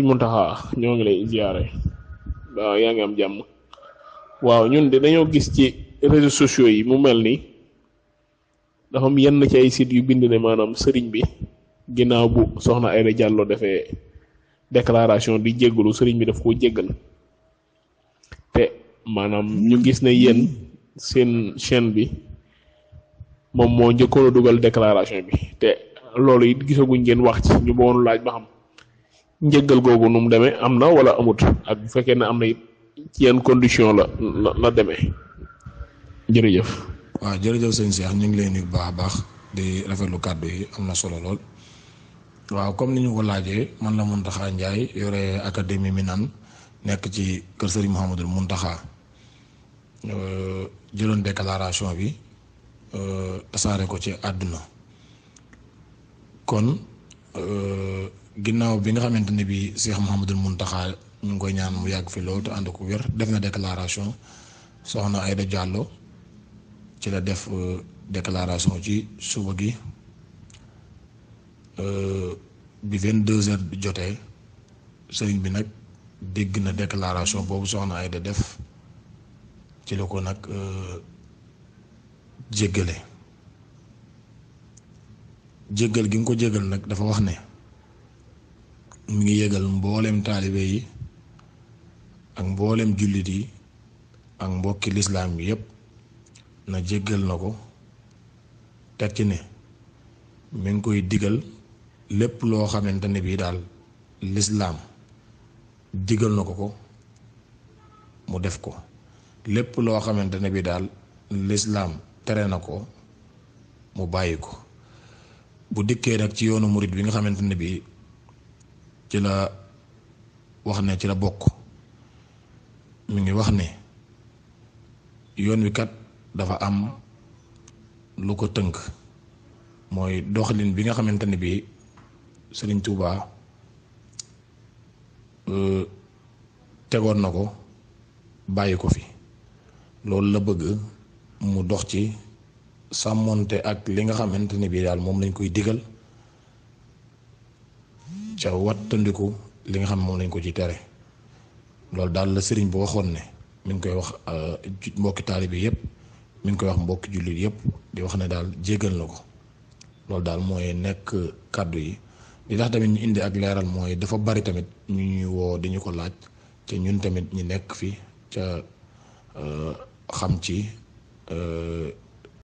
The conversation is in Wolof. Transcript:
sëñ Muntaxa ñoo ngi lay ziare waaw yaa ngi am jàmm waaw ñun de dañoo gis ci réseaux sociaux yi mu mel ni dafa am yenn ci ay sit yu bind ne maanaam sëriñ bi ginnaaw bu soxna Aida Diallo defee déclaration di jéggalu sëriñ bi daf ko jéggal te maanaam ñu gis ne yéen seen chaîne bi moom moo njëkkoon a dugal déclaration bi te loolu it gisaguñ ngeen wax ci ñu bëggoon laaj ba xam. njëggal googu nu mu demee am na walla amut ak bu fekkee ne am na it ci yenn condition la la demee jërëjëf. waa jërëjëf sëñ Cheikh ñu ngi lay nuyu bu baax a baax di rafetlu kàddu yi am na solo lool waaw comme ni ñu ko laajee man la Mountakha Ndiaye yore académie mi naan nekk ci kër Serigne Mouhamadul Mountakha jëloon déclaration bi tasaare ko ci àdduna kon. ginnaaw bi nga xamante ne bii Cheikh Mouhamadul Mountakha ñu ngi koy ñaan mu yàgg fi loolu te ànd ko wér def na déclaration soxna Aïda Diallo ci la def euh, déclaration ci suba gi euh, bi vingt deux heures jotee sëriñ bi nag dégg na déclaration boobu soxna Aïda def ci la ko nag euh, jéggale jéggal gi nga ko jéggal nag dafa wax ne. mi ngi yëgal mboolem taalibe yi ak mboolem jullit yi ak mbokki lislaam yépp na jéggal na ko teg ci ne mi ngi koy digal lépp loo xamante ne bii daal lislaam digal na ko ko mu def ko lépp loo xamante ne bii daal lislaam tere na ko mu bàyyi ko bu dikkee nag ci yoonu murit bi nga xamante ne bii ci la wax ne ci la bokk mi ngi wax ne yoon wi kat dafa am lu ko tënk mooy doxalin bi nga xamante ne bii Sëriñ Tuubaa euh, tegoon na ko bàyyi ko fi loolu la bëgg mu dox ci sàmmoonte ak li nga xamante ne bii daal moom lañ koy digal ca wattandiku li nga xam moom lañ ko ci tere loolu daal la sëriñ bi waxoon ne mi ngi koy wax euh, mbokki taalibe yëpp mi ngi koy wax mbokki jullit yëpp di wax ne daal jéggal na ko loolu daal mooy nekk kàddu yi li tax tamit ñu indi ak leeral mooy dafa bari tamit ñu ñuy woo di ñu ko laaj te ñun tamit ñi nekk fi ca euh, xam ci euh,